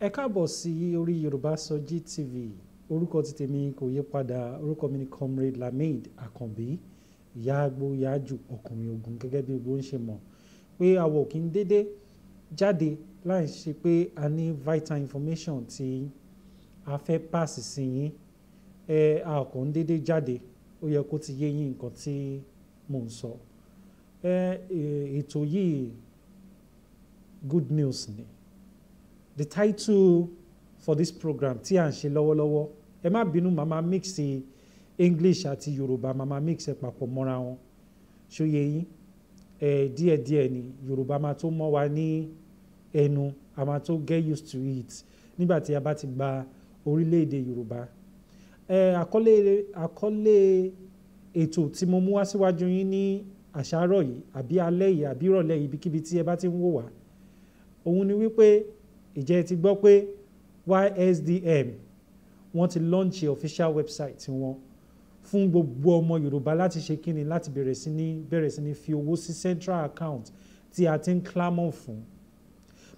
ẹ káàbọ̀ sí orí yorùbá sọjí tv orúkọ ti tèmi kò yé padà orúkọ mi ni comrade lamid akànbí ìyá agbó ìyá jù ọkùnrin ogun gẹ́gẹ́ bí gbogbo ń ṣe mọ̀ pé àwọ̀ kì í dédé jáde láì ṣe pé a ní vital information tí a fẹ́ pàṣẹ sí yín ẹ a kò ń dédé jáde ó yẹ kó ti yé yín nǹkan tí mò ń sọ ẹ ètò yìí good news ni the title for this program Ti à ń ṣe lọ́wọ́lọ́wọ́ ẹ má bínú màmá mix English àti Yorùbá màmá mix ẹ papọ̀ mọ́ra wọn ṣòye yín ẹ díẹ̀díẹ̀ ni Yorùbá máa tó mọ́ wa ní ẹnu a máa tó get used to it nígbà tí a bá ti gba orílẹ̀-èdè Yorùbá ẹ àkọlé àkọlé ètò tí mo mú wá síwájú yín ní àṣàárọ̀ yìí àbí alẹ́ yìí àbí ìrọ̀lẹ́ yìí ibikíbi tí ẹ bá ti ń wò wá òun ni wípé ìjẹ́ ẹ ti gbọ́ pé YSDM wọ́n ti lọ́ǹchì official website wọn fún gbogbo ọmọ Yorùbá láti ṣe kíni láti bẹ̀rẹ̀ sí ní bẹ̀rẹ̀ sí ní fi owó sí central account tí a ti ń clamor fún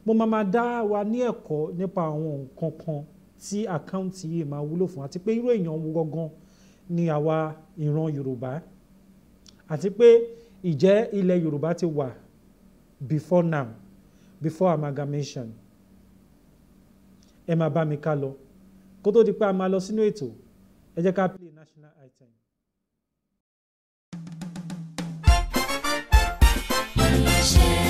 mo máa máa dá wa ní ẹ̀kọ́ nípa àwọn nǹkan kan tí àkáǹtì yìí máa wúlò fún àti pé irú èèyàn wo gangan ni àwa ìran Yorùbá àti pé ìjẹ́ ilẹ̀ Yorùbá ti wà before now before amalgamation ẹ máa bá mi ká lọ kó tó di pé a máa lọ sínú ètò ẹ jẹ́ ká play national item. ṣe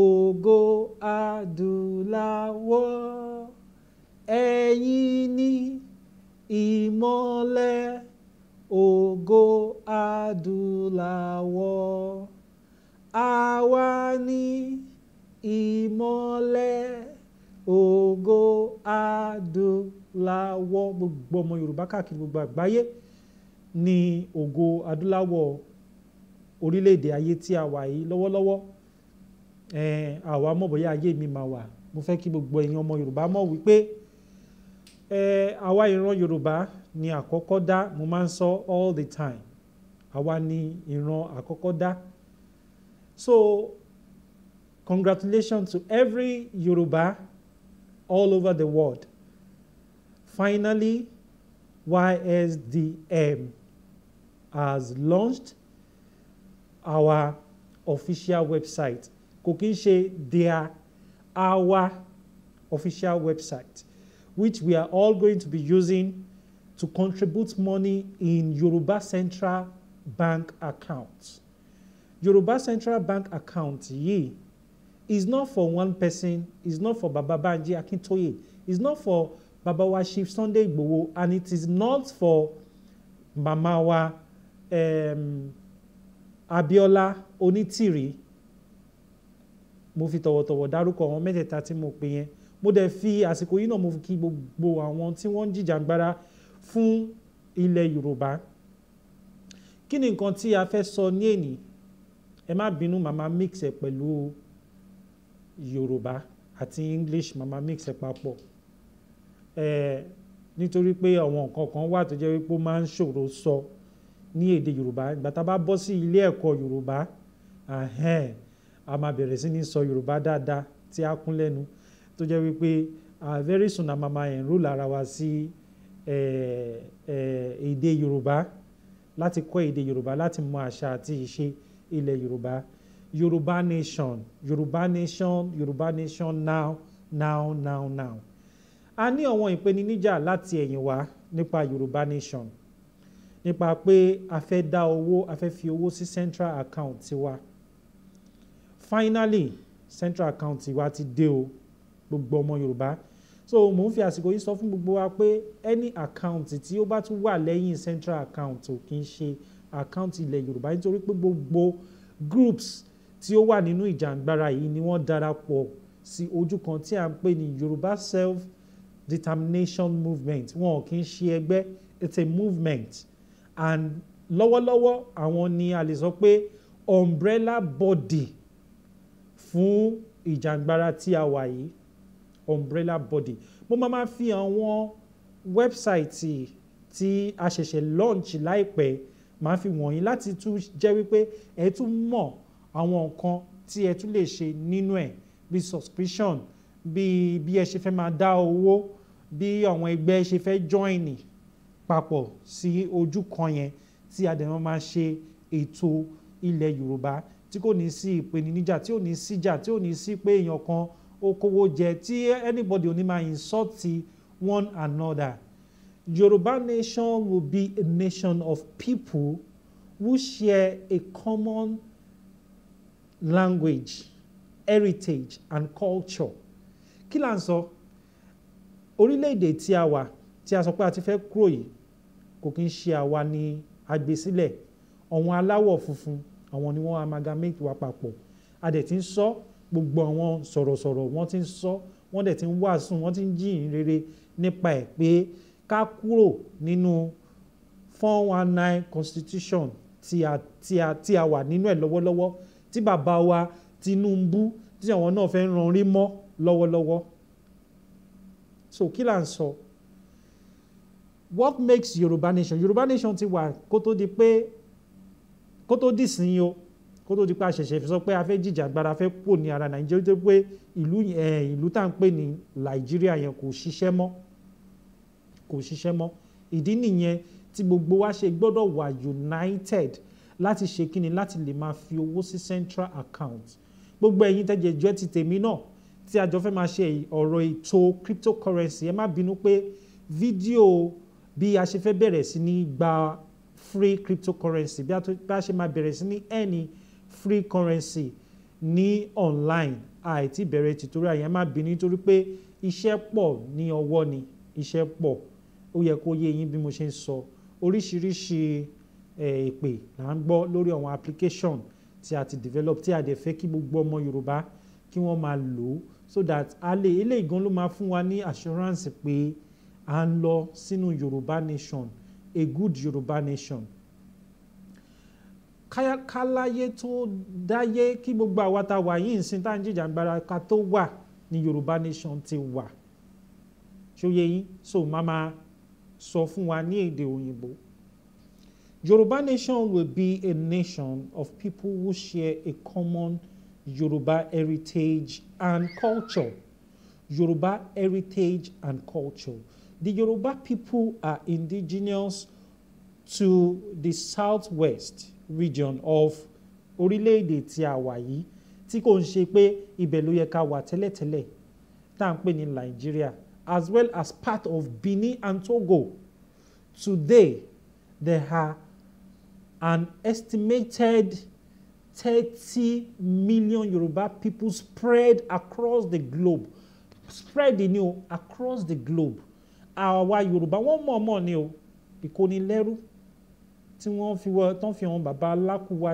ògo adúláwọ̀ ẹ̀yin ni ìmọ́lẹ̀ ògo adúláwọ̀ àwa ni ìmọ́lẹ̀ ògo adúláwọ̀ gbogbo ọmọ Yorùbá káàkiri gbogbo àgbáyé ní ògo adúláwọ̀ orílẹ̀-èdè ayé tí a wà yìí lọ́wọ́lọ́wọ́ àwa mọ̀ bóyá ayé mi máa wà mo fẹ́ kí gbogbo ẹ̀yin ọmọ Yorùbá mọ̀ wípé àwa ìran Yorùbá ni àkọ́kọ́ dá mo máa ń sọ all the time àwa ni ìran àkọ́kọ́ dá so congratulations to every Yorùbá all over the world finally YSDM has launched our official website kò kí ń ṣe their our official website which we are all going to be using to contribute money in Yoruba Central Bank account Yoruba Central Bank account yìí is not for one person is not for Baba Banji Akintoye is not for Babawa Chief Sunday Igboho and it is not for Mamawa um, Abiola Onitiri mo fi tọ̀wọ̀tọ̀wọ̀ dárúkọ àwọn mẹ́tẹ̀ẹ̀ta tí mo pè yẹn mo dẹ̀ fi àsìkò yìí náà mo fi kí gbogbo àwọn tí wọ́n ń jìjàgbara fún ilẹ̀ Yorùbá kí ni nǹkan tí a fẹ́ sọ ní èní ẹ má bínú màmá mix ẹ pẹ̀lú Yorùbá àti English màmá mix ẹ papọ̀ ẹ nítorí pé àwọn nǹkan kan wà tó jẹ́ wípé ó máa ń ṣòro sọ ní èdè Yorùbá ìgbà tá a bá bọ́ sí ilé ẹ̀kọ́ Yorùbá a máa bẹ̀rẹ̀ sí ní sọ Yorùbá dáadáa tí a kún lẹ́nu tó jẹ́ wípé very soon a máa máa enroll ara wa sí èdè Yorùbá láti kọ́ èdè Yorùbá láti mọ àṣà àti ìṣe ilẹ̀ Yorùbá Yorùbá nation Yorùbá nation Yorùbá nation now now now now a ní àwọn ìpèníjà láti ẹ̀yìn wá nípa Yorùbá nation nípa pé a fẹ́ dá owó a fẹ́ fi owó sí central account tiwa. Si finally central account wa ti dé o gbogbo ọmọ yorùbá so mò ń fi àsìkò yìí sọ fún gbogbo wa pé any account tí ó bá tún wà lẹ́yìn central account ò kì í ṣe account ilẹ̀ yorùbá nítorí pé gbogbo groups tí ó wà nínú ìjàngbara yìí ni wọ́n darapọ̀ sí ojú kan tí a ń pè ní yorùbá self determination movement wọn ò kì í ṣe ẹgbẹ́ it's a movement and lọ́wọ́lọ́wọ́ àwọn ni a lè sọ pé umbrella body fún ìjàngbara tí a wà yìí umbrella body mo máa máa fi àwọn wẹ́bsáìtì tí a ṣẹ̀ṣẹ̀ launch láìpẹ́ máa fi wọ̀nyí láti tún jẹ́ wípé ẹ tún mọ̀ àwọn nǹkan tí ẹ tún lè ṣe nínú ẹ̀ bí subscription bí bí ẹ ṣe fẹ́ máa dá owó bí àwọn ẹgbẹ́ ṣe fẹ́ join papọ̀ sí ojú kan yẹn tí a dẹ̀ máa ṣe ètò ilẹ̀ Yorùbá tí kò ní sí ìpèníjà tí ò ní síjà tí ò ní sí pé èèyàn kan ó jẹ tí anybody ò ní máa insult one another Yoruba nation will be a nation of people who share a common language heritage and culture kí là ń sọ orílẹ̀-èdè tí a wà tí a sọ pé a ti fẹ́ kúrò yìí kò kí ń ṣe àwa ni agbésílẹ̀ ọ̀hún aláwọ̀ funfun àwọn ni wọ́n amalgamate wa papọ̀ a dẹ̀ ti ń sọ gbogbo àwọn sọ̀rọ̀sọ̀rọ̀ wọ́n ti ń sọ wọ́n dẹ̀ ti ń wàásù wọ́n ti ń jíyìn rere nípa ẹ̀ pé ká kúrò nínú four one nine constitution tí a tí a tí a wà nínú ẹ̀ lọ́wọ́lọ́wọ́ tí bàbá wa Tinubu tí àwọn náà fẹ́ ràn rí mọ́ lọ́wọ́lọ́wọ́ so kí là ń sọ what makes Yorùbá nation Yorùbá nation ti wà kó tó di pé kó tó dìsìn yìí o kó tó di pé àṣẹ̀ṣẹ̀ fi sọ pé a fẹ́ jìjàgbara a fẹ́ pò ní ara nàìjíríà tó pé ìlú ìlú tá à ń pè ní nàìjíríà yẹn kò ṣiṣẹ́ mọ́ kò ṣiṣẹ́ mọ́ ìdí nìyẹn tí gbogbo wa ṣe gbọ́dọ̀ wà united láti ṣe kíni láti lè máa fi owó sí central account gbogbo ẹ̀yin tẹ́jẹ̀ jẹ́ ti tèmi náà tí àjọ fẹ́ máa ṣe ọ̀rọ̀ ètò cryptocurrency ẹ má bínú pé fídíò bí a ṣe fẹ́ bẹ̀rẹ̀ sí ní gba free cryptocurrency bí a ṣe máa bẹ̀rẹ̀ sí ní any free currency ní online àìtí bẹ̀rẹ̀ tutorial yẹn má bínú nítorí pé iṣẹ́ pọ̀ ní ọwọ́ ni iṣẹ́ pọ̀ ó yẹ kó yé yín bí mo ṣe ń sọ oríṣiríṣi èpè là ń gbọ́ lórí àwọn application tí a ti develop tí a dẹ̀ fẹ́ kí gbogbo ọmọ Yorùbá kí wọ́n máa lò ó so that a lè eléyìí gan ló máa fún wa ní assurance pé à ń lọ sínú Yorùbá nation a good Yoruba nation káláyé tó dáyé kí gbogbo àwa tá wà yìí ń sin tá à ń jìjàgbara ká tó wà ní Yorùbá nation ti wà ṣóyè yín so màmá sọ fún wa ní èdè òyìnbó Yorùbá nation will be a nation of people who share a common Yoruba heritage and culture Yoruba heritage and culture the Yoruba people are indigenous to the southwest region of orílẹ̀-èdè tí a wà yìí tí kò ń ṣe pé ibẹ̀ ló yẹ ká wà tẹ́lẹ̀tẹ́lẹ̀ tá à ń pè ní Nigeria as well as part of Benin and Togo today there are an estimated thirty million Yoruba people spread across the globe spread the new across the globe àwa yorùbá wọ́n mọ̀ọ́mọ̀ ni o ìkónilẹ́rú tí wọ́n fi wọ́n tán fi hàn bàbá alákùwà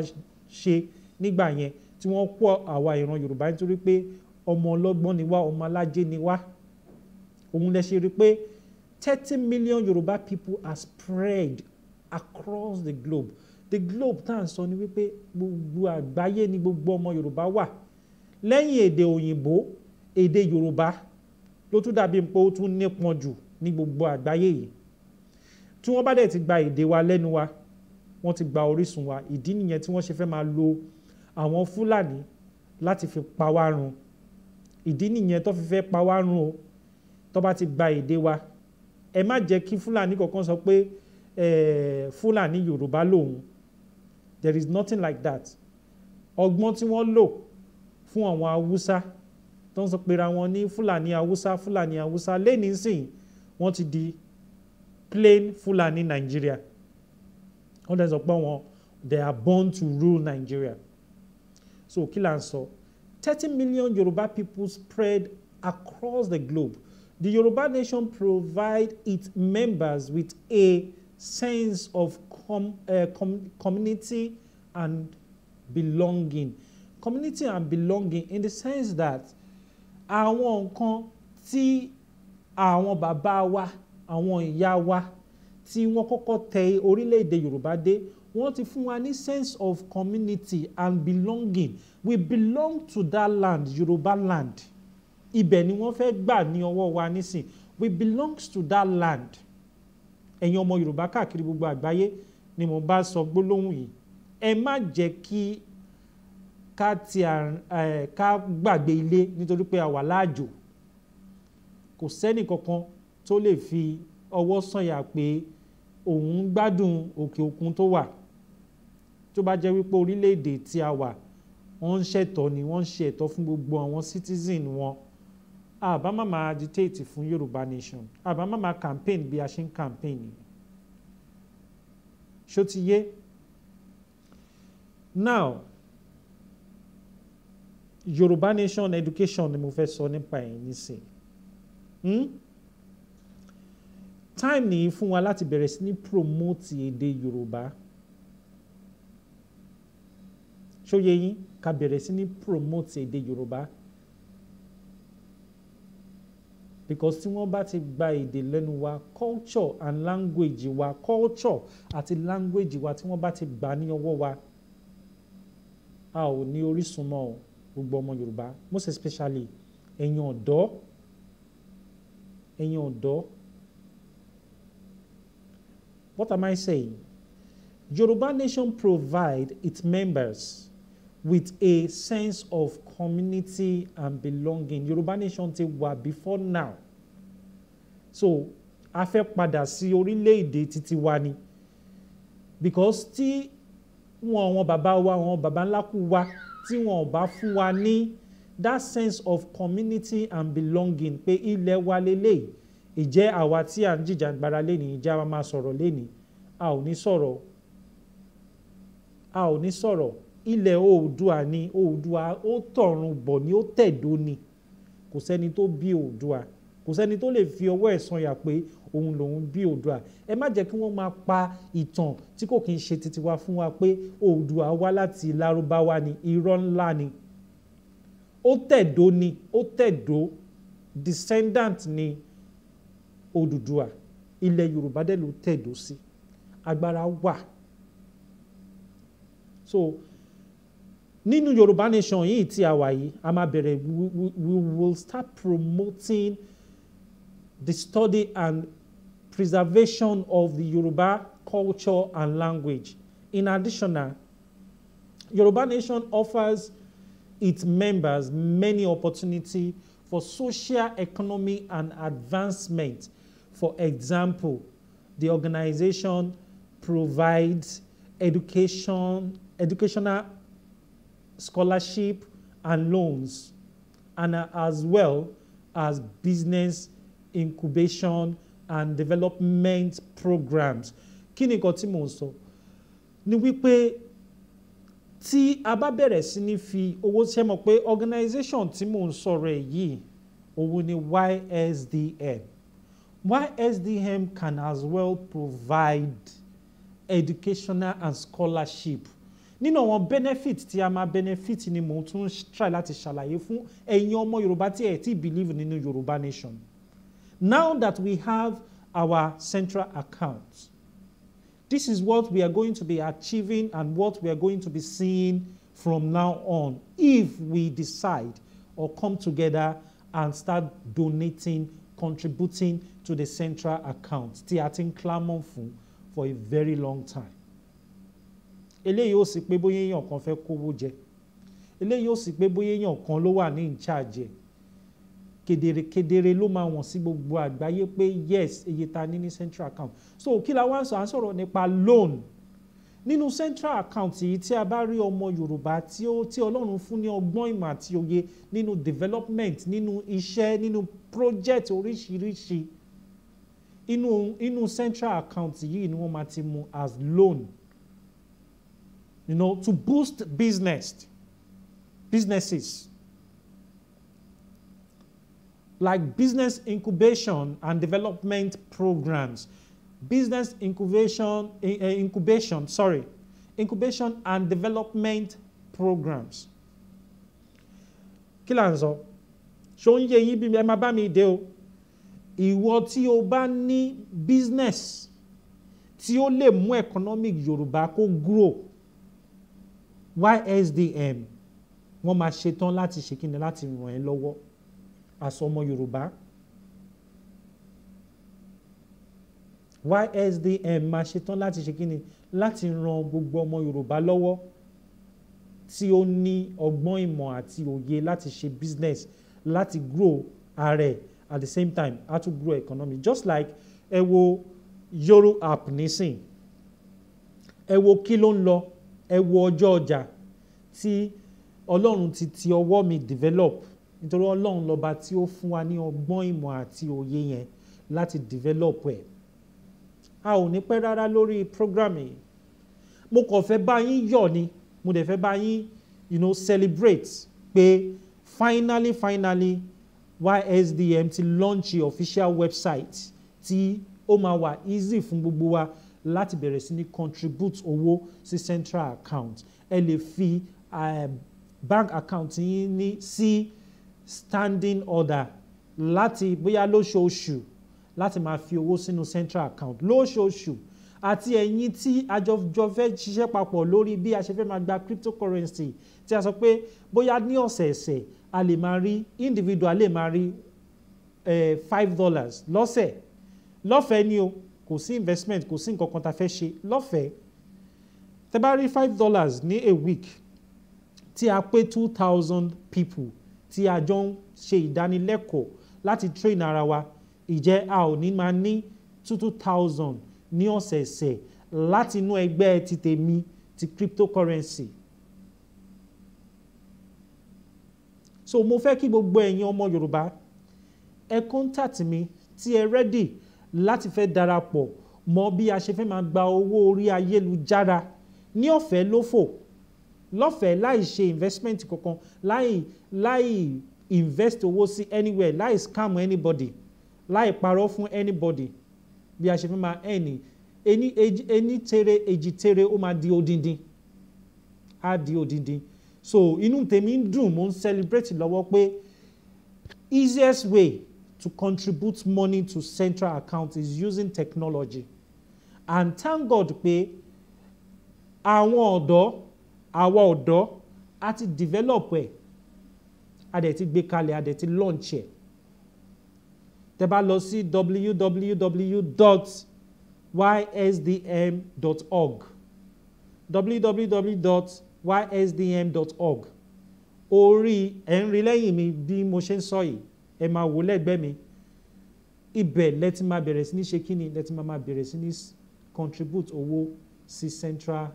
ṣe nígbà yẹn tí wọ́n kó àwa ìran yorùbá nítorí pé ọmọ ọlọ́gbọ́n ni wá ọmọ alájé ni wá òun lẹ ṣe rí pé thirty million yorùbá people are spread across the globe the globe tá à ń sọ ni wípé gbogbo àgbáyé ni gbogbo ọmọ yorùbá wà lẹ́yìn èdè òyìnbó èdè yorùbá ló tún dàbí pé ó tún nípọn jù ní gbogbo àgbáyé yìí tí wọ́n bá dẹ̀ ti gba èdè wa lẹ́nu wa wọ́n ti gba orísun wa ìdí nìyẹn tí wọ́n ṣe fẹ́ máa lo àwọn fúlàní láti fi pa wá run ìdí nìyẹn tó fi fẹ́ pa wá run o tó bá ti gba èdè wa ẹ má jẹ́ kí fúlàní kankan sọ pé fúlàní yorùbá lòun there is nothing like that ọgbọ́n tí wọ́n lò fún àwọn haúsá tó ń sọ pera wọn ní fúlàní haúsá fúlàní haúsá lẹ́nìí wọ́n ti di plain Fulani Nigeria wọ́n dẹ̀ sọ pé wọ́n they are born to rule Nigeria so kí là ń sọ thirty million Yoruba people spread across the globe the Yoruba nation provide its members with a sense of com, uh, com, community and belonging community and belonging in the sense that àwọn nǹkan tí àwọn bàbá wa àwọn ìyá wa tí wọ́n kọ́kọ́ tẹ orílẹ̀-èdè Yorùbá dé wọ́n ti fún wa ní sense of community and belonging we belong to that land Yorùbá land ibẹ̀ ni wọ́n fẹ́ gbà ní ọwọ́ wa nísìn we belong to that land ẹ̀yin ọmọ Yorùbá káàkiri gbogbo àgbáyé ni mo bá sọ gbólóhùn yìí ẹ má jẹ́ kí ká gbàgbé ilé nítorí pé a wà láàjò kò sẹ́nì kankan tó lè fi ọwọ́ sọ̀yà pé òun gbádùn òkè òkun tó wà tó bá jẹ́ wípé orílẹ̀-èdè tí a wà wọ́n ń ṣẹ̀tọ́ ni wọ́n ń ṣe ẹ̀tọ́ fún gbogbo àwọn citizen wọn àbámá máa agitate fún Yorùbá nation àbámá campaign bí a ṣe ń campaign ni ṣó ti yé now Yorùbá nation education ni mo fẹ́ sọ nípa ẹ̀yìn nísìnyí Hmm. time ni fún wa láti bẹ̀rẹ̀ sí ní promote èdè Yorùbá ṣóye yín ká bẹ̀rẹ̀ sí ní promote èdè Yorùbá because tí wọ́n bá ti gba èdè lẹ́nu wa culture and language wa culture àti language wa tí wọ́n bá ti gbà ní ọwọ́ wa a ò ní orísun mọ́ o gbogbo ọmọ Yorùbá most especially ẹ̀yin ọ̀dọ́ ẹ̀yin ọ̀dọ́ what am I saying? Yoruba Nation provide its members with a sense of community and belonging. Yoruba Nation ti wà before now. So a fẹ́ padà sí orílẹ̀-èdè títí wa ni because tí wọn àwọn bàbá wa àwọn bàbá ńlá kú wa tí wọn ò bá fún wa ní. Ni that sense of community and belonging pé ilẹ̀ wa lélẹ̀ ìjẹ́ àwa tí à ń jìjàgbara lẹ́nìí ìjà wa máa sọ̀rọ̀ lẹ́nìí a ò ní sọ̀rọ̀ a ò ní sọ̀rọ̀ ilẹ̀ oòdùà ni oòdùà ó tọ̀run bọ̀ ni ó tẹ̀dó ni kò sẹ́ni tó bí oòdùà kò sẹ́ni tó lè fi ọwọ́ ẹ̀ sanyà pé òun lòun bí oòdùà ẹ má jẹ́ kí wọ́n máa pa ìtàn tí kò kí ń ṣe titiwa fún wa pé oòdùà wá láti lárúbáwá ni irọ́ ńlá ni ó tẹ̀dó ni ó tẹ̀dó descendant ni Odùduwà ilẹ̀ Yorùbá dẹ̀ ló tẹ̀dó sí agbára wà so nínú Yorùbá nation yìí tí a wà yìí a máa bẹ̀rẹ̀ we will start promoting the study and preservation of the Yorùbá culture and language in addition Yorùbá nation offers its members many opportunity for social, economy, and advancement. For example, the organization provides education, educational scholarship and loans, and as well as business incubation and development programs. Kí ni nǹkan tí mò Ni wípé tí a bá bẹ̀rẹ̀ sí ní fi owó ṣe mọ̀ pé organization tí mò ń sọ̀rọ̀ ẹ̀ yìí òun ni YSDM YSDM can as well provide educational and scholarship nínú àwọn benefit tí a máa benefit ni mò ń tún try láti ṣàlàyé fún ẹ̀yin ọmọ Yorùbá tí ẹ̀ ti believe nínú Yorùbá nation now that we have our central account This is what we are going to be achieving and what we are going to be seeing from now on if we decide or come together and start donating, contributing to the central account tí a ti for a very long time. eléyìí ó sì pé bóyá èèyàn kan fẹ́ kówó jẹ eléyìí ó sì pé bóyá èèyàn kan ló wà ní ìcháàjẹ kedere kedere ló máa wọ̀n sí gbogbo àgbáyé pé yes iye ta ní ní central account so kí la wá ń sọ à ń sọ̀rọ̀ nípa loan nínú central account yìí tí a bá rí ọmọ yorùbá tí ó tí ọlọ́run fún ní ọgbọ́n ìmọ̀ àti òye nínú development nínú iṣẹ́ nínú project oríṣiríṣi inú inú central account yìí ni wọ́n máa ti mú as loan you know to boost business businesses like business incubation and development programs, business incubation, eh, incubation, sorry, incubation and development programs. Kí là ń sọ? Ṣó ń yé yín bí ẹ máa bá mi dé o? Ìwọ tí o bá ní business tí ó lè mú economic Yorùbá kó grow YSDM wọ́n máa ṣetán láti ṣe kí ni láti ràn ẹ́ lọ́wọ́ àsọmọ Yorùbá YSDM máa ṣetán láti ṣe kíni láti ran gbogbo ọmọ Yorùbá lọ́wọ́ tí ó ní ọgbọ́n ìmọ̀ àti òye láti ṣe business láti grow ààrẹ at the same time how to grow economy just like ẹ wo Euro app nísìn ẹ wo kí ló ń lọ ẹ wo ọjọ́ ọjà tí Ọlọ́run ti ti ọwọ́ mi develop nítorí ọlọ́run lọ́ba tí ó fún wa ní ọgbọ́n ìmọ̀ àti òye yẹn láti develop ẹ̀ a ò ní pẹ́ rárá lórí program yìí mo kàn fẹ́ bá yín yọ̀ ni mo dẹ̀ fẹ́ bá yín you know, celebrate pé finally finally YSDM ti launch the official website tí ó máa wà easy fún gbogbo wa láti bẹ̀rẹ̀ sí ní contribute owó sí central account ẹ lè fi um, bank account yín ní sí. Si, standing order láti bóyá lóṣooṣù láti máa fi owó sínú central account lóṣooṣù àti ẹ̀yin tí àjọjọ fẹ́ ṣiṣẹ́ papọ̀ lórí bí a ṣe fẹ́ máa gba cryptocurrency tí a sọ pé bóyá ní ọ̀sẹ̀ẹ̀sẹ̀ a lè máa rí individual lè máa rí five dollars lọ́sẹ̀ lọ́fẹ̀ẹ́ ni o kò sí investment kò sí nǹkan kan tá a fẹ́ ṣe lọ́fẹ̀ẹ́ tẹ́ bá rí five dollars ní a week tí a pé two thousand people tí a jọ ń ṣe ìdánilẹ́kọ̀ọ́ láti train ara wa ìjẹ́ a ò ní máa ní two two thousand ní ọ̀sẹ̀ẹ̀sẹ̀ láti inú ẹgbẹ́ ti ti cryptocurrency. so mo fẹ́ kí gbogbo ẹ̀yin ọmọ Yorùbá ẹ contact mi tí ẹ ready láti fẹ́ darapọ̀ mọ́ bí a ṣe fẹ́ máa gba owó orí ayélujára ní ọ̀fẹ́ lófò lọ́fẹ̀ẹ́ láì ṣe investment kankan láì láì invest owó sí anywhere láì scam anybody láì parọ́ fún anybody bí a ṣe fi máa ẹni ẹni ẹni tere èjì tere ó máa di odindin á di odindin so inú tèmi ń dùn mo ń celebrate lọ́wọ́ pé easiest way to contribute money to central account is using technology and thank God pé àwọn ọ̀dọ́ àwa ọ̀dọ́ a ti develop ẹ̀ a dẹ̀ ti gbé kalẹ̀ a dẹ̀ ti launch ẹ̀ tẹ bá lọ sí www.ysdm.org www.ysdm.org orí ẹ̀ ń rí lẹ́yìn mi bí mo ṣe ń sọ yìí ẹ máa wò lẹ́gbẹ̀ẹ́ mi ibẹ̀ lẹ́tí bẹ̀rẹ̀ sí ní ṣe kíni lẹ́tí máa máa bẹ̀rẹ̀ sí ní contribute owó sí central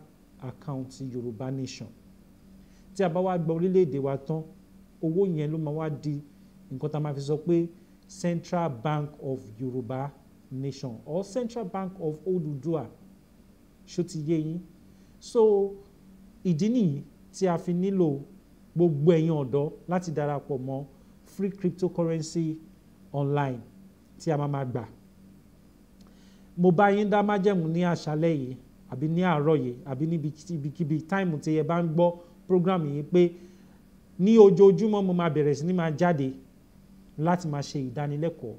àkáǹtì Yorùbá Nation tí a bá wá gba orílẹ̀-èdè wa tán owó yẹn ló máa wá di nǹkan tá a máa fi sọ pé Central Bank of Yorùbá Nation or Central Bank of Oòduà ṣó ti yé yín so ìdí nìyí tí a fi nílò gbogbo ẹ̀yin ọ̀dọ́ láti darapọ̀ mọ́ free cryptocurrency online tí a máa máa gbà mo bá yín dá májẹ̀mú ní àṣálẹ́ yìí àbí ní àárọ̀ yìí àbí níbikíbi táìmù tí ẹ bá ń gbọ́ program yìí pé ní ojoojúmọ́ mo máa bẹ̀rẹ̀ sí ní máa jáde láti máa ṣe ìdánilẹ́kọ̀ọ́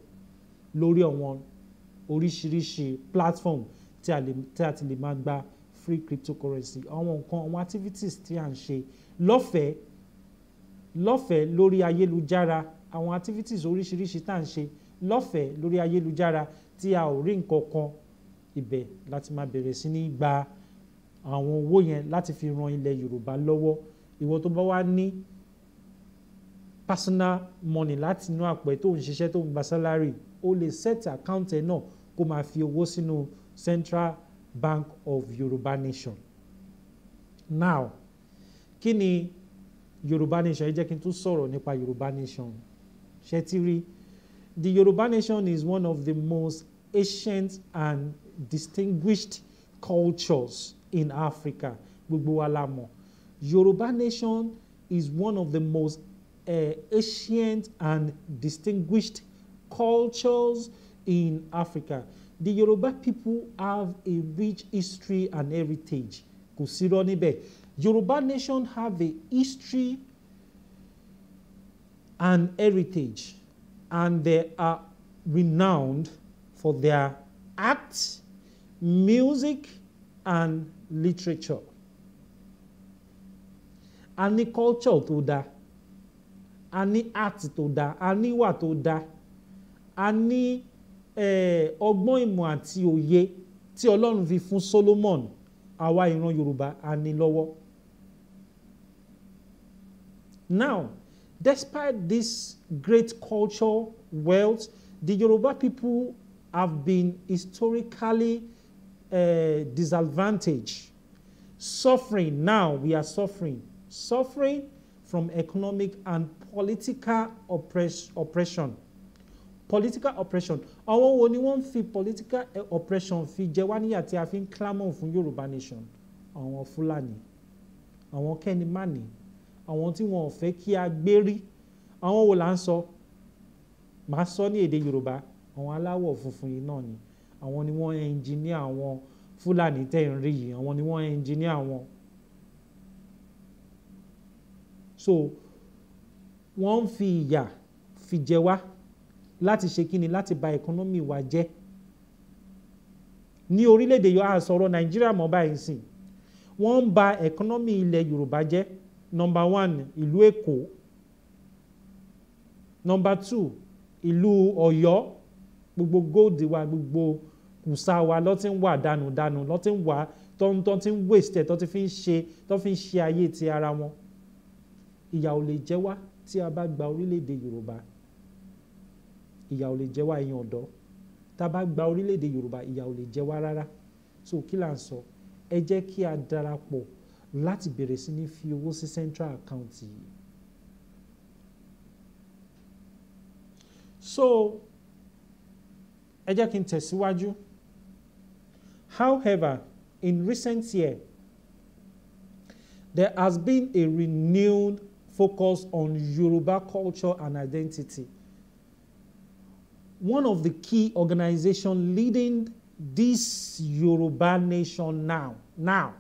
lórí àwọn oríṣiríṣi platform tí a ti lè máa gba free cryptocurrency àwọn nǹkan àwọn activities tí à ń ṣe lọ́fẹ̀ẹ́ lọ́fẹ̀ẹ́ lórí ayélujára àwọn activities oríṣiríṣi tá à ń ṣe lọ́fẹ̀ẹ́ lórí ayélujára tí a ò rí nǹkan kan ibẹ̀ láti máa bẹ̀rẹ̀ sí ní gba àwọn owó yẹn láti fi ran ilẹ̀ Yorùbá lọ́wọ́ ìwọ tó bá wá ní personal money láti inú àpẹ tó ń ṣiṣẹ́ tó ń gba salary o lè set account ẹ náà kó máa fi owó sínú Central Bank of Yorùbá Nation now kí ni Yorùbá Nation ẹ jẹ́ kí n tún sọ̀rọ̀ nípa Yorùbá Nation ṣe ti rí the Yorùbá Nation is one of the most ancient and distinguished cultures in Africa gbogbo wa Yoruba nation is one of the most uh, ancient and distinguished cultures in Africa the Yoruba people have a rich history and heritage kò Yoruba nation have a history and heritage and they are renowned for their acts music and literature a ní culture tó dáa a ní art tó dáa a ní ìwà tó dáa a ní ọgbọ́n ìmọ̀ àti òye tí ọlọ́run fi fún Solomon àwa ìran Yorùbá a ní lọ́wọ́. Now, despite this great culture, wealth, the Yoruba people have been historically uh, disadvantage. Suffering, now we are suffering. Suffering from economic and political oppress oppression. Political oppression. Àwọn wo ni wọ́n political eh, oppression fi jẹ wá afin tí a fi clamor fún Yorùbá nation? Àwọn fulani. àwọn kẹ́ni mani. àwọn tí wọn ò fẹ́ kí a gbé rí. Àwọn wo là ń sọ? àwọn ni wọ́n ẹnjìníà àwọn fúlàní tẹ̀ ń rí yìí àwọn ni wọ́n ẹnjìníà àwọn. so wọ́n ń fi ìyà fi jẹ wá láti ṣe kí ni láti ba economy wa jẹ́ ní orílẹ̀-èdè yóò àsọ̀rọ̀ nàìjíríà mọ́ báyìí sìn wọ́n ń ba economy ilẹ̀ yorùbá jẹ́ nọmba one ìlú èkó nọmba two ìlú ọ̀yọ́ gbogbo gold wa gbogbo kùsà wa lọ́ ti ń wà dànùdànù lọ́ ti ń wà tọ́ntọ́n ti ń waste ẹ̀ tọ́ ti fi ń ṣe tọ́ fi ń ṣe ayé ti ara wọn ìyà ò lè jẹ́ wá tí a bá gba orílẹ̀-èdè Yorùbá ìyà ò lè jẹ́ wá ẹ̀yin ọ̀dọ́ tá a bá gba orílẹ̀-èdè Yorùbá ìyà ò lè jẹ́ wá rárá so kí là ń sọ ẹ jẹ́ kí a darapọ̀ láti bẹ̀rẹ̀ sí ní fi owó sí central account yìí. so ẹ jẹ́ kí n tẹ̀síwájú. Si However, in recent years, there has been a renewed focus on Yoruba culture and identity. One of the key organizations leading this Yoruba nation now, now,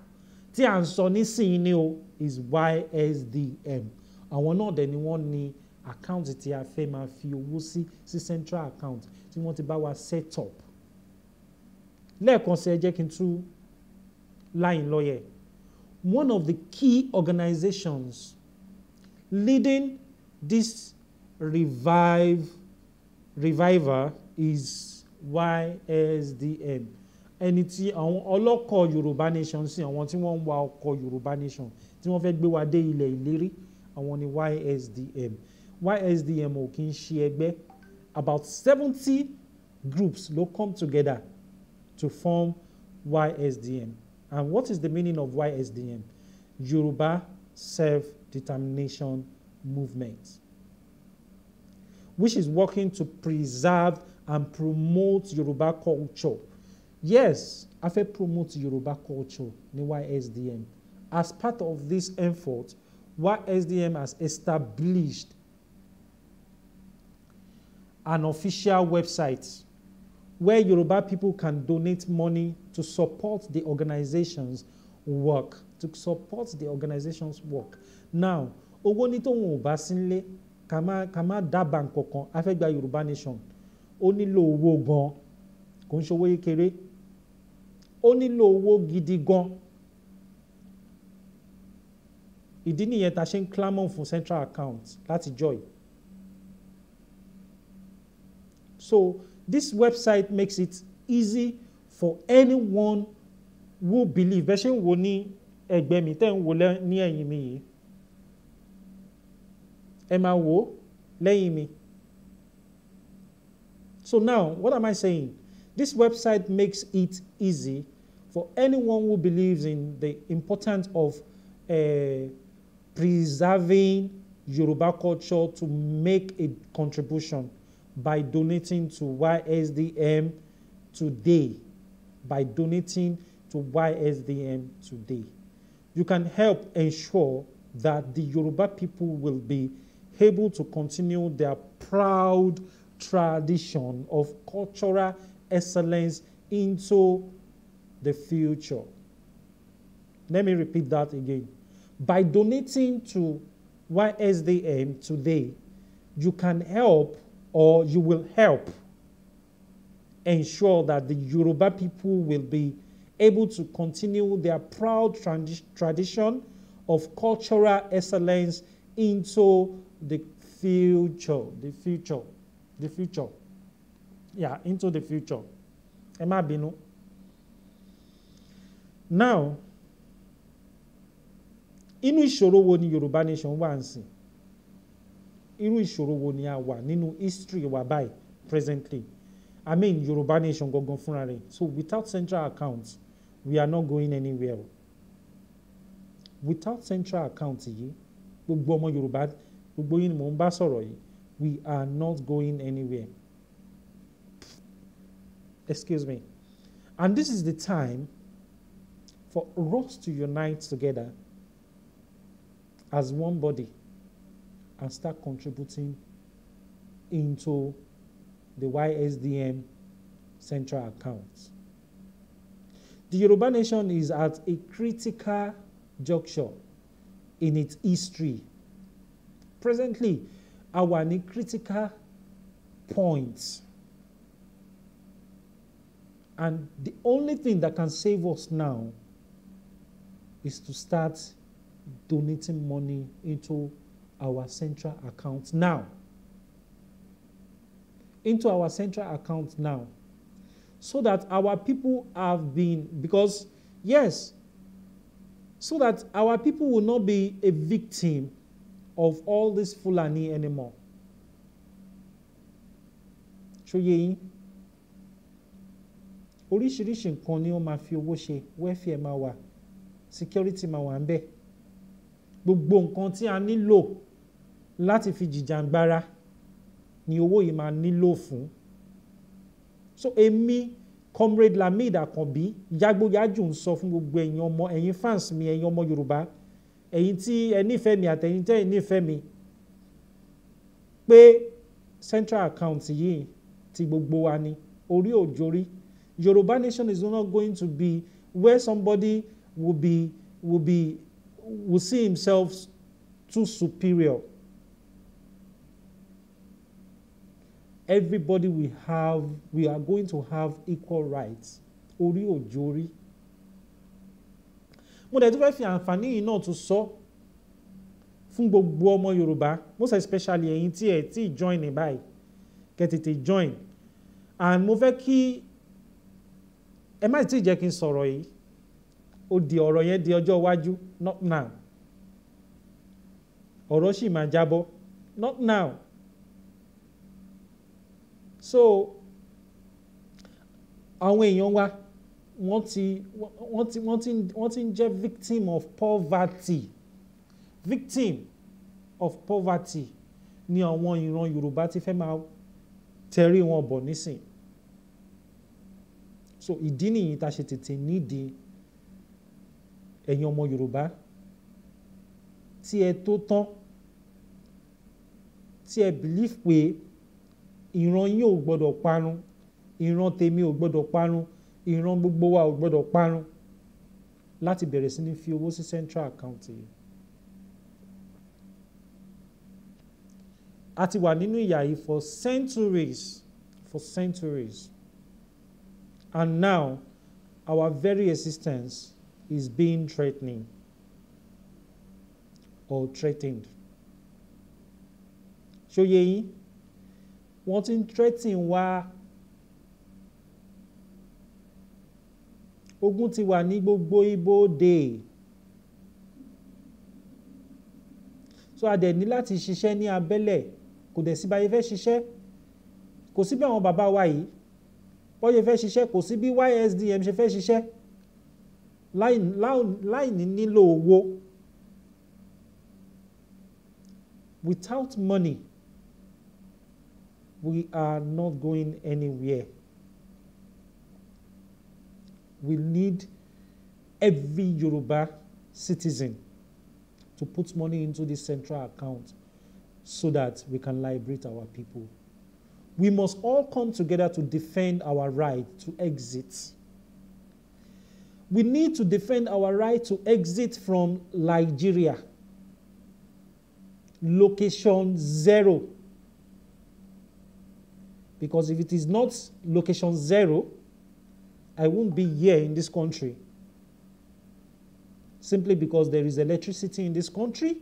tí à ń ni o is YSDM. Àwọn náà dẹ̀ ni wọ́n ní account tí a fẹ́ máa fi owó central account tí wọ́n ti bá wa set up lẹ́ẹ̀kan sí ẹ jẹ́ kí n tú láyìn lọ́yẹ̀ one of the key organisations leading this revive reviver is YSDN ẹni tí àwọn ọlọ́kọ̀ Yorùbá nation sí àwọn tí wọ́n ń wa ọkọ̀ Yorùbá nation tí wọ́n fẹ́ gbé wa dé ilẹ̀ ìlérí àwọn ni YSDM YSDM ò kì í ṣe ẹgbẹ́ about seventy groups ló come together to form YSDM. And what is the meaning of YSDM? Yoruba Self-Determination Movement, which is working to preserve and promote Yoruba culture. Yes, a fẹ́ promote Yoruba culture ní YSDM. As part of this effort, YSDM has established an official website where Yoruba people can donate money to support the organization's work. To support the organization's work. Now, owó ní tóun ò bá sí nílé ká má dábàá nkankan a Yorùbá nation ó nílò owó gan kò ń ṣòwò kékeré ó nílò owó gidi gan ìdí nìyẹn tá ṣe ń clamor fún central account láti joy so this website makes it easy for anyone who believe bẹ́ẹ̀ ṣe ń wo ní ẹ̀gbẹ́ mi tẹ́ ń wo ní ẹ̀yìn mi yìí ẹ máa wo lẹ́yìn mi. So now, what am I saying? This website makes it easy for anyone who believes in the importance of uh, preserving Yoruba culture to make a contribution by donating to YSDM today. By donating to YSDM today. You can help ensure that the Yoruba people will be able to continue their proud tradition of cultural excellence into the future. Let me repeat that again. By donating to YSDM today, you can help or you will help ensure that the Yoruba people will be able to continue their proud tradition of cultural excellence into the future, the future, the future. Yeah, into the future. Ẹ bínú. Now, inú ìṣòro wo ni Yorùbá nation wà ń sìn? irú ìṣòro wo ni a wà nínú history wa báyìí presently i mean Yorùbá nation gangan fúnra rẹ̀ so without central accounts we are not going anywhere without central accounts yìí gbogbo ọmọ Yorùbá gbogbo yín ni mò ń bá sọ̀rọ̀ yìí we are not going anywhere excuse me and this is the time for us to unite together as one body and start contributing into the YSDM central account. The Yoruba nation is at a critical juncture in its history. Presently, our critical point. And the only thing that can save us now is to start donating money into our central account now. Into our central account now. So that our people have been, because, yes, so that our people will not be a victim of all this Fulani anymore. Ṣóyé yín, oríṣiríṣi nǹkan ni ó máa fi owó ṣe, welfare máa wà, security máa wà ń bẹ̀. Gbogbo nǹkan tí a nílò láti fi jìjàǹgbara ni owó yìí máa nílò fún so èmi comrade Lamid Akànbí jágbóyájú ń sọ fún gbogbo ẹ̀yin ọmọ ẹ̀yin fans mi ẹ̀yin ọmọ Yorùbá ẹ̀yin tí ẹ nífẹ̀ẹ́ mi àtẹ̀yin tẹ́yìn nífẹ̀ẹ́ mi pé central account yìí ti gbogbo wa ni orí òjòrí Yorùbá nation is not going to be where somebody will be will be will see himself too superior everybody will have we are going to have equal rights orí òjò orí mo dẹ̀ tún fẹ́ fi àǹfààní yìí náà tún sọ fún gbogbo ọmọ Yorùbá most especially ẹ̀yin tí ẹ̀ tí join ní báyìí kẹ́ join and mo fẹ́ kí ẹ má tí ì jẹ́ kí n sọ̀rọ̀ yìí ó di ọ̀rọ̀ yẹn di ọjọ́ iwájú not now ọ̀rọ̀ sì máa jábọ́ not now so àwọn èèyàn wa wọ́n ti wọ́n ti wọ́n ti wọ́n ti ń jẹ́ victim of poverty victim of poverty ni àwọn ìran Yorùbá ti fẹ́ máa tẹrí wọn bọ̀ nísìn so ìdí nìyí ta ṣe tètè nídìí ẹ̀yin ọmọ Yorùbá tí ẹ tó tán tí ẹ bìlíf pé ìran yín ò gbọ́dọ̀ parun ìran tèmi ò gbọ́dọ̀ parun ìran gbogbo wa ò gbọ́dọ̀ parun láti bẹ̀rẹ̀ sí ní fi owó sí central account yìí. a ti wà nínú ìyà yìí for centuries for centuries and now our very existence is being threatening or threatened. ṣó yé yín? wọ́n ti ń threatening wa ogun ti wà ní gbogbo ibodè so a dẹ̀ ní láti ṣiṣẹ́ ní abẹ́lẹ̀ kò dẹ̀ sí báyìí fẹ́ ṣiṣẹ́ kò sí bí àwọn bàbá wa yìí bọ́yẹ fẹ́ ṣiṣẹ́ kò sí bí YSDM ṣe fẹ́ ṣiṣẹ́ láì ní nílò owó without money we are not going anywhere. We need every Yoruba citizen to put money into this central account so that we can liberate our people. We must all come together to defend our right to exit. We need to defend our right to exit from Nigeria. Location zero because if it is not location zero, I won't be here in this country. Simply because there is electricity in this country,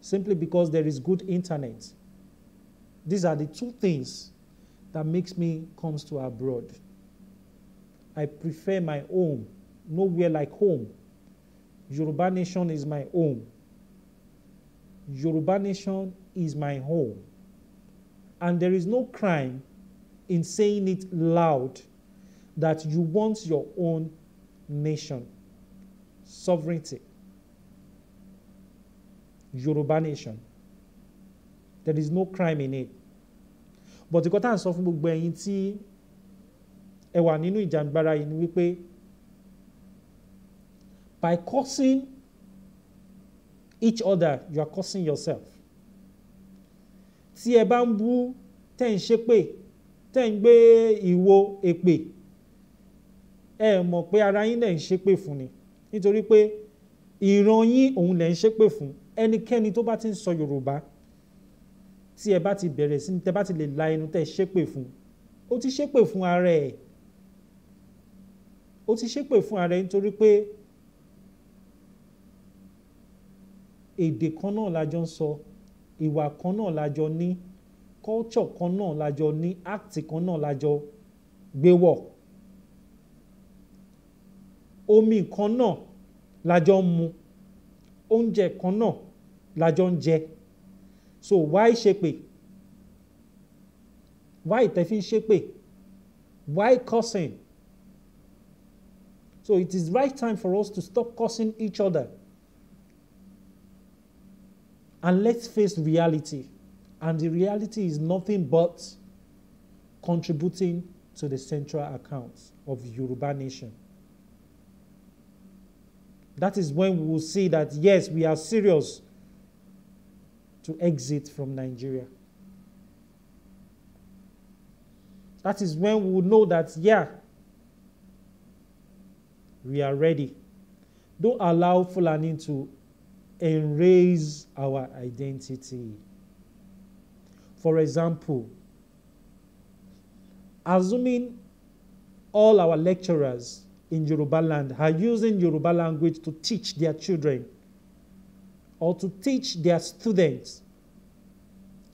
simply because there is good internet. These are the two things that makes me comes to abroad. I prefer my home, nowhere like home. Yoruba Nation is my home. Yoruba Nation is my home. And there is no crime in saying it loud that you want your own nation, sovereignty, Yoruba nation. There is no crime in it. But the tá à ń sọ fún gbogbo ẹ̀yin ijanbara ẹ wà by cursing each other you are cursing yourself. tí ẹ ten ń bú tẹ̀ tẹ́ ń gbé ìwo èpè ẹ mọ̀ pé ara yín lẹ̀ ń ṣépè fún ni nítorí pé ìran yín òun lẹ̀ ń ṣépè fún ẹnikẹ́ni tó bá ti ń sọ Yorùbá tí ẹ bá ti bẹ̀rẹ̀ sí tẹ́ bá ti lè la ẹnu tẹ́ ṣépè fún ó ti ṣépè fún ara ẹ̀ ó ti ṣépè fún ara ẹ̀ nítorí pé èdè kan náà la jọ ń sọ ìwà kan náà la jọ ní culture kan náà lájọ ní act kan náà lájọ gbé wọ̀ omi kan náà lájọ ń mu oúnjẹ kan náà lájọ ń jẹ so why ṣépè why tẹ́fí ń ṣépè why cursing so it is right time for us to stop cursing each other and let's face reality and the reality is nothing but contributing to the central accounts of Yoruba nation. That is when we will see that, yes, we are serious to exit from Nigeria. That is when we will know that, yeah, we are ready. Don't allow Fulani to erase our identity. For example, assuming all our lecturers in Yoruba land are using Yoruba language to teach their children or to teach their students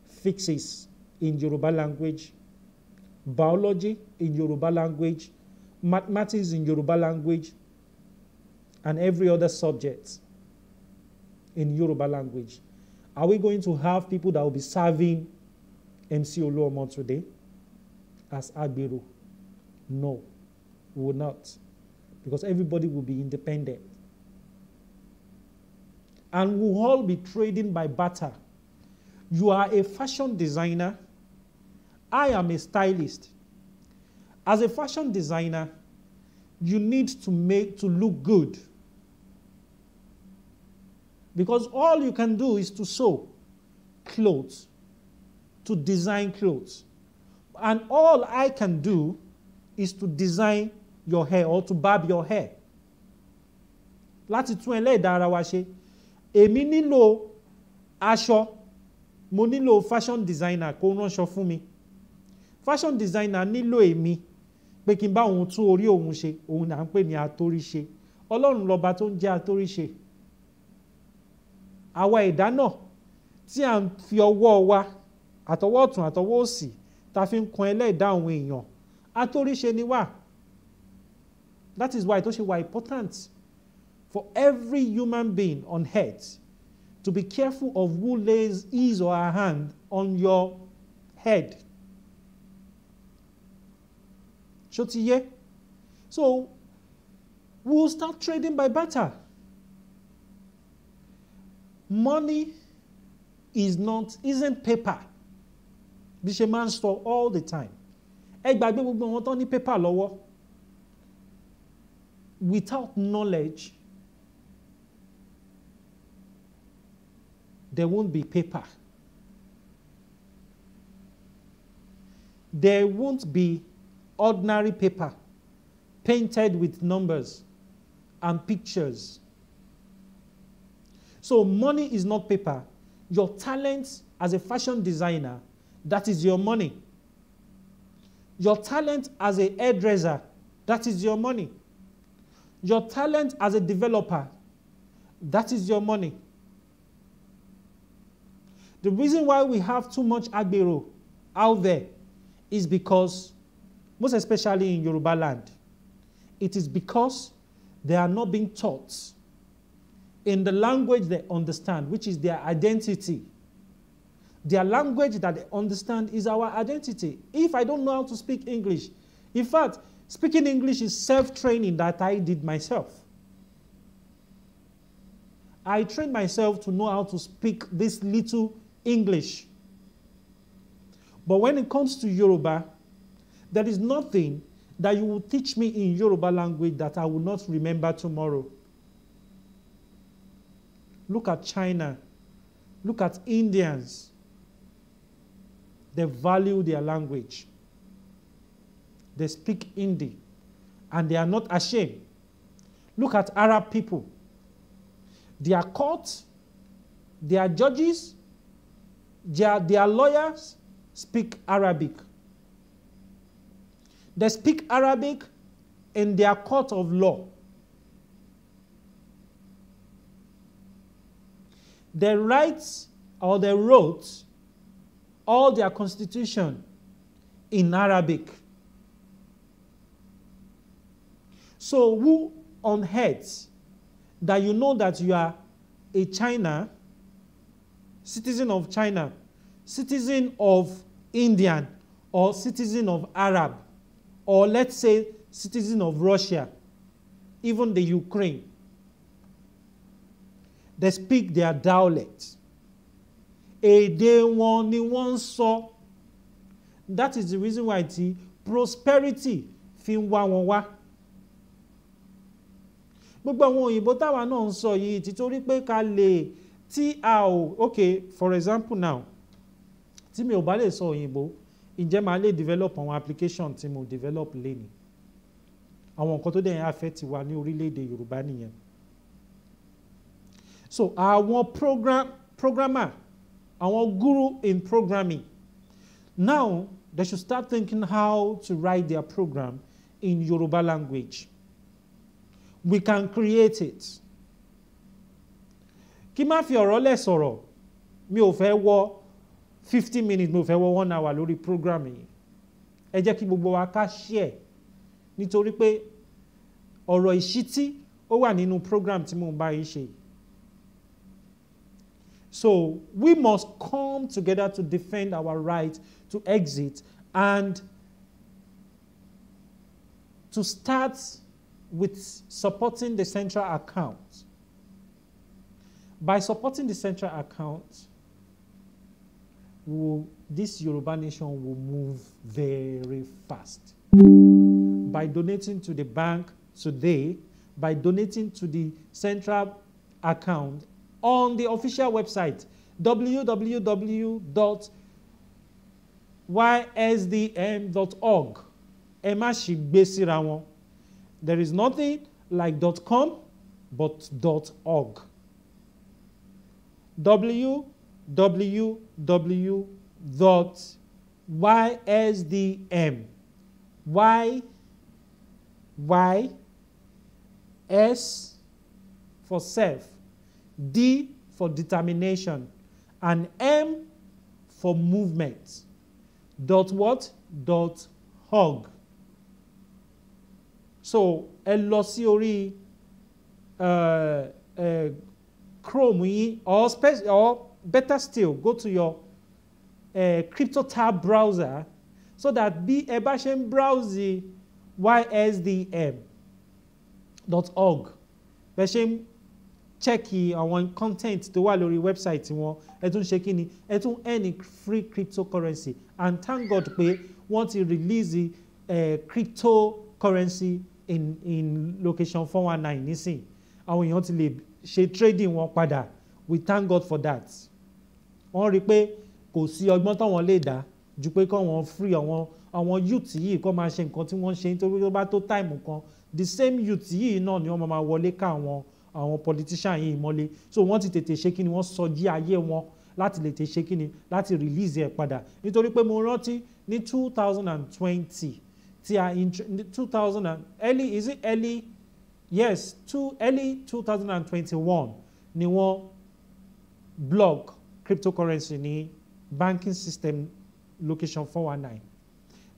fixes in Yoruba language, biology in Yoruba language, mathematics in Yoruba language, and every other subject in Yoruba language. Are we going to have people that will be serving MC Oluomo today as Agbero? No, we will not. Because everybody will be independent. And we'll all be trading by barter. You are a fashion designer. I am a stylist. As a fashion designer, you need to make to look good. Because all you can do is to sew clothes to design clothes. And all I can do is to design your hair or to barb your hair. Láti tún ẹlẹ́ẹ̀dá ara wa ṣe, èmi nílò aṣọ, mo nílò fashion designer kó ránṣọ fún mi. Fashion designer nílò èmi pé kí n bá òun tún orí òun ṣe, òun là ń pè ní atóríṣe. Ọlọ́run lọ́ba tó ń jẹ́ atóríṣe. Àwa ẹ̀dá náà tí à ń fi ọwọ́ wa àtọwọ́ ọ̀tún àtọwọ́ òsì ta fi ń kan ẹlẹ́ẹ̀dá àwọn èèyàn atóríṣe ni wá that is why it ṣe wà important for every human being on earth to be careful of who lays his or her hand on your head ṣó ti yé so we will start trading by barter money is not isn't paper bí ṣe máa ń sọ all the time ẹ gbàgbé gbogbo wọn tán ní pépà lọ́wọ́ without knowledge there won't be paper there won't be ordinary paper painted with numbers and pictures. So money is not paper. Your talent as a fashion designer that is your money. Your talent as a hairdresser, that is your money. Your talent as a developer, that is your money. The reason why we have too much agbero out there is because, most especially in Yoruba land, it is because they are not being taught in the language they understand, which is their identity. Their language that they understand is our identity. If I don't know how to speak English, in fact, speaking English is self training that I did myself. I trained myself to know how to speak this little English. But when it comes to Yoruba, there is nothing that you will teach me in Yoruba language that I will not remember tomorrow. Look at China. Look at Indians. They value their language. They speak Hindi and they are not ashamed. Look at Arab people. Their courts, their judges, their, their lawyers speak Arabic. They speak Arabic in their court of law. They write or they wrote all their constitution in Arabic. So, who on earth that you know that you are a China, citizen of China, citizen of Indian, or citizen of Arab, or let's say citizen of Russia, even the Ukraine, they speak their dialect. èdè wọn ni wọ́n ń sọ that is the reason why ti prosperity fi ń wá wọn wá gbogbo àwọn òyìnbó táwa náà ń sọ yìí títorí pé ká lè tí a ò ok for example now tí mi ò bá lè sọ òyìnbó ǹjẹ́ màá lè develop àwọn application tí mo develop lẹ́nu àwọn nǹkan tó dẹ̀ yẹn affect wa ní orílẹ̀-èdè Yorùbá nìyẹn so àwọn program programmer Our guru in programming now they should start thinking how to write their program in Yoruba language we can create it kí má fi ọ̀rọ̀ lẹ̀ sọ̀rọ̀ mi ò fẹ́ wọ fifty minutes mi ò fẹ́ wọ one hour lórí program yìí ẹ jẹ́ kí gbogbo wa ká share nítorí pé ọ̀rọ̀ ìṣítí ó wà nínú program tí mo ń bá yín ṣe yìí So we must come together to defend our right to exit and to start with supporting the central account. By supporting the central account, will, this Yoruba nation will move very fast. By donating to the bank today, by donating to the central account on the official website www.ysdm.org there is nothing like .com but .org www.ysdm y y s for self D for determination, and M for movement. Dot what? Dot org. So ẹ lọ sí orí uh, uh, Chrome yín or, or better still go to your uh, tab browser so that bí ẹ bá ṣe ń browse ysdm.org bẹ́ẹ̀ ṣe ń chẹ́ẹ̀kì àwọn content tó wà lórí website wọn ẹ tún ṣe kí ni ẹ tún earn free cryptocurrency and thank God pé wọ́n ti release uh, cryptocurrency in in location four one nine nísìn àwọn èèyàn ti lè ṣe trading wọn padà we thank God for that wọ́n rí i pé kò sí ọgbọ́n táwọn lè dá ju pé kọ́ wọn free àwọn àwọn youth yìí kọ́ máa ṣe nǹkan tí wọ́n ṣe nítorí tó bá tó time kan the same youth yìí náà ni wọ́n máa wọlé ká àwọn àwọn politician yìí mọ́lé so wọ́n ti tètè ṣe kí ni wọ́n sọ jí ayé wọn láti lè tè ṣe kí ni láti release ẹ̀ padà nítorí pé mo rántí ní two thousand and twenty ti a two thousand and early is it early yes two early two thousand and twenty-one ni wọ́n block cryptocurrency ní banking system location four one nine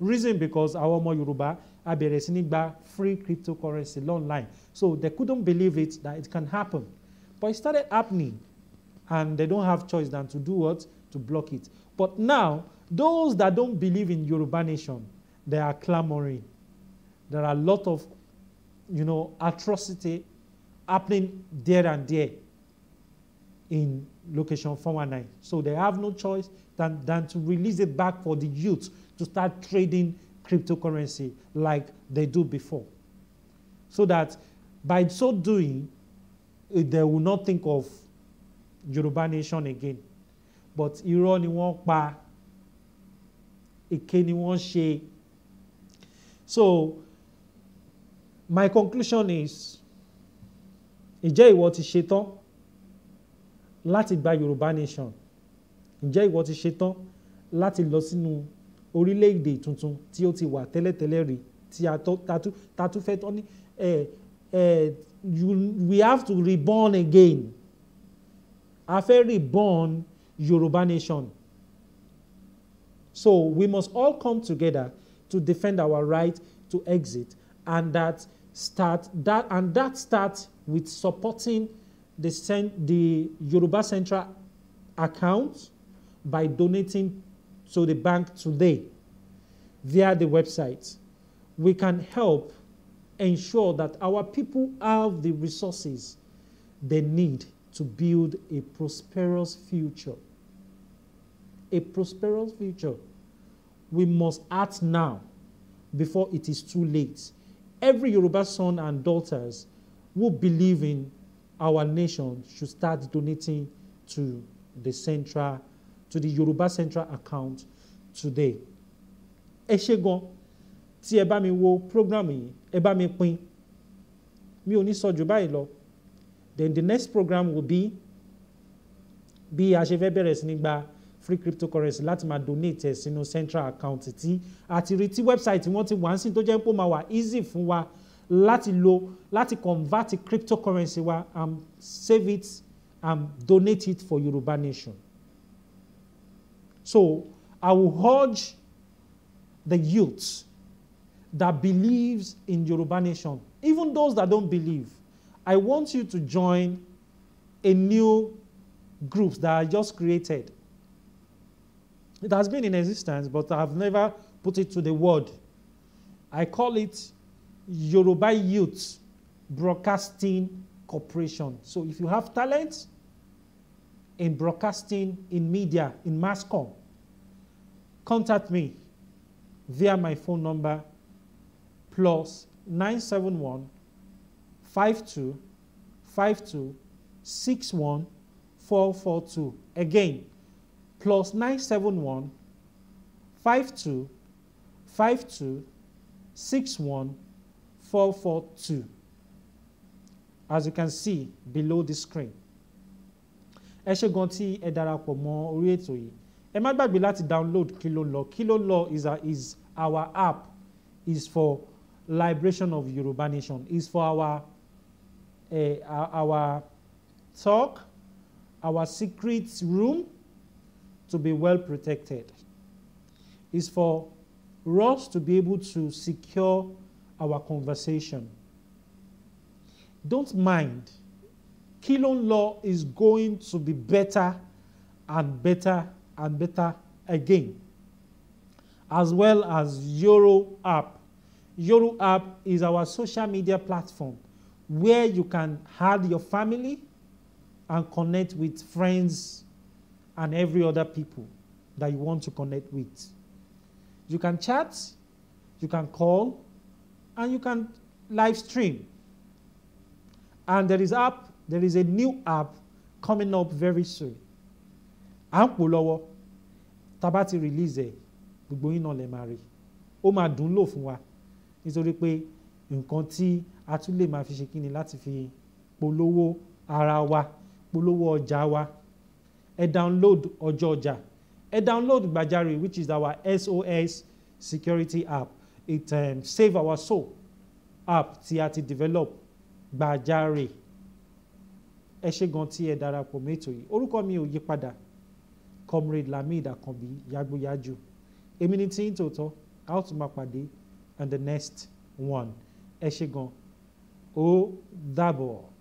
reason because àwọn ọmọ Yorùbá I be sí ní free cryptocurrency online so they couldn't believe it that it can happen but it started happening and they don't have choice than to do what to block it but now those that don't believe in Yoruba nation they are clamoring there are a lot of you know atrocity happening there and there in location 419 so they have no choice than, than to release it back for the youth to start trading cryptocurrency like they do before. So that by so doing, eh, they will not think of Yoruba nation again. But Iro ni wọ́n pa, èké ni wọ́n ṣe. So my conclusion is ǹjẹ́ ìwọ ti ṣetán láti gba Yorùbá nation ǹjẹ́ ìwọ ti ṣetán láti lọ sínú orílẹ̀-èdè tuntun tí ó ti wà tẹ́lẹ̀tẹ́lẹ̀ rí tí a tún fẹ́ tọ́ ní we have to reborn again a fẹ́ reborn Yorùbá nation so we must all come together to defend our right to exit and that start that and that starts with supporting the, the Yoruba Central account by donating to the bank today via the website, we can help ensure that our people have the resources they need to build a prosperous future. A prosperous future. We must act now before it is too late. Every Yoruba son and daughters who believe in our nation should start donating to the central to the Yoruba Central account today ẹ ṣé gan tí ẹ bá mi wo program yìí ẹ bá mi pín mi ò ní sọ jù báyìí lọ then the next program will be bí a ṣe fẹ́ bẹ̀rẹ̀ sí ní gba free cryptocurrency láti máa donate ẹ̀ sínú central account tí àti rí tí website wọn ti wà ń sìn tó jẹ́ pé máa wà easy fún wa láti lo láti convert cryptocurrency wa and save it and donate it for Yoruba nation. So I will urge the youths that believes in Yoruba Nation, even those that don't believe, I want you to join a new group that I just created. It has been in existence, but I've never put it to the word. I call it Yoruba Youth Broadcasting Corporation. So if you have talents in broadcasting, in media, in mass com, contact me via my phone number plus 971 52 52 61 442. Again, plus 971 52 52 61 442. As you can see below the screen. ẹ ṣé gan tí ẹ darapọ̀ mọ́ orí ètò yìí ẹ má gbàgbé láti download kí ló lọ kí is, a, is our app is for liberation of Yoruba nation is for our uh, our talk our secret room to be well protected is for us to be able to secure our conversation don't mind Kilon law is going to be better and better and better again, as well as Euro app. Euro app is our social media platform where you can add your family and connect with friends and every other people that you want to connect with. You can chat, you can call, and you can live stream. And there is app there is a new app coming up very soon à ń pò lọ́wọ́ tá a bá ti release ẹ̀ gbogbo yín náà lè máa rí ó máa dùn lò fún wa nítorí pé nǹkan tí a tún lè máa fi ṣe kíni láti fi polówó ara wa polówó ọjà wa ẹ download ọjọ́ ọjà ẹ download gbàjarè which is our SOS security app it um, save our soul app tí a ti develop gbàjarè ẹ ṣe gan tí ẹ darapọ̀ mẹ́tò yìí orúkọ mi ò yí padà comrade lamid akanbi yagboyaju èmi ni tí ń tòótọ́ a ó tún máa pàdé and the next one ẹ ṣe gan ó dàbọ̀.